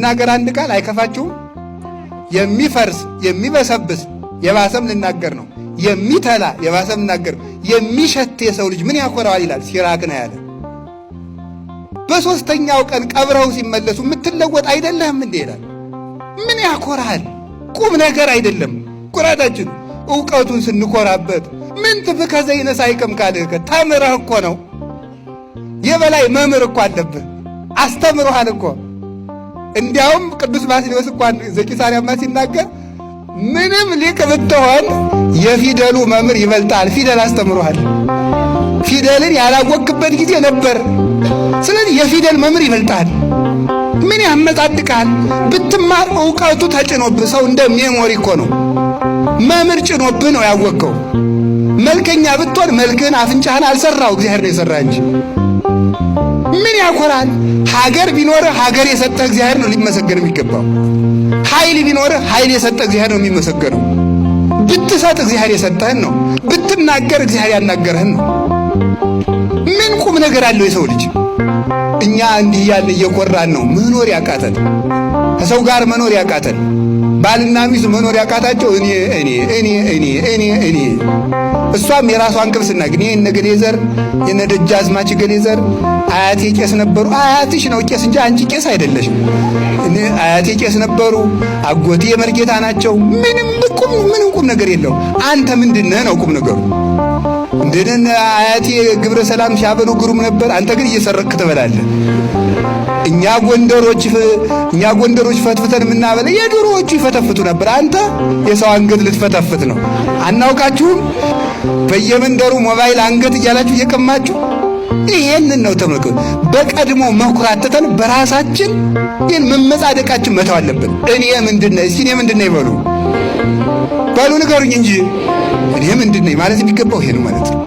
ልናገር አንድ ቃል አይከፋችሁም? የሚፈርስ የሚበሰብስ የባሰም ልናገር ነው። የሚተላ የባሰም ልናገር ነው። የሚሸት የሰው ልጅ ምን ያኮራዋል ይላል ሲራክ ነው ያለ። በሦስተኛው ቀን ቀብረው ሲመለሱ የምትለወጥ አይደለህም እንዴ ይላል። ምን ያኮራል? ቁም ነገር አይደለም ኩራታችን። እውቀቱን ስንኮራበት ምን ትፍከ ዘይነሳ አይቅም ካልህ ተምረህ እኮ ነው። የበላይ መምህር እኮ አለብህ። አስተምሮሃል እኮ እንዲያውም ቅዱስ ባስልዮስ እንኳን ዘቂሳርያማ ሲናገር ምንም ሊቅ ብትሆን የፊደሉ መምህር ይበልጣል። ፊደል አስተምሮሃል። ፊደልን ያላወቅበት ጊዜ ነበር። ስለዚህ የፊደል መምህር ይበልጣል። ምን ያመጣድቃል? ብትማር እውቀቱ ተጭኖብህ ሰው እንደ ሜሞሪ እኮ ነው። መምህር ጭኖብህ ነው ያወቀው። መልከኛ ብትሆን መልክህን አፍንጫህን አልሰራው እግዚአብሔር ነው የሰራ እንጂ ይሆናል። ሀገር ቢኖር ሀገር የሰጠ እግዚአብሔር ነው ሊመሰገን የሚገባው። ኃይል ቢኖር ኃይል የሰጠ እግዚአብሔር ነው የሚመሰገነው። ብትሰጥ እግዚአብሔር የሰጠህን ነው። ብትናገር እግዚአብሔር ያናገረህን ነው። ምን ቁም ነገር አለው የሰው ልጅ? እኛ እንዲህ እያልን እየኮራን ነው መኖር ያቃተን፣ ከሰው ጋር መኖር ያቃተን፣ ባልና ሚስት መኖር ያቃታቸው እኔ እኔ እኔ እኔ እኔ እኔ እሷም የራሷን ቅርስና ግን የነ ገሌ ዘር የነ ደጃዝማች ገሌ ዘር አያቴ ቄስ ነበሩ። አያትሽ ነው ቄስ እንጂ አንቺ ቄስ አይደለሽ። አያቴ ቄስ ነበሩ፣ አጎቴ የመርጌታ ናቸው። ምንም ቁም ምንም ቁም ነገር የለው። አንተ ምንድነህ ነው ቁም ነገሩ? እንደነን አያቴ ግብረ ሰላም ሲያበሉ ግሩም ነበር። አንተ ግን እየሰረክ ትበላለህ። እኛ ጎንደሮች እኛ ጎንደሮች ፈትፍተን የምናበለ የድሮዎቹ ይፈተፍቱ ነበር። አንተ የሰው አንገት ልትፈተፍት ነው። አናውቃችሁም? በየመንደሩ ሞባይል አንገት እያላችሁ እየቀማችሁ ይሄንን ነው ተመልከቱ። በቀድሞ መኩራተተን በራሳችን ይህን መመጻደቃችን መተው አለብን። እኔ ምንድን እስኪ እኔ ምንድን ይበሉ በሉ ንገሩኝ እንጂ እኔ ምንድን ነኝ ማለት የሚገባው ይሄ ነው ማለት ነው።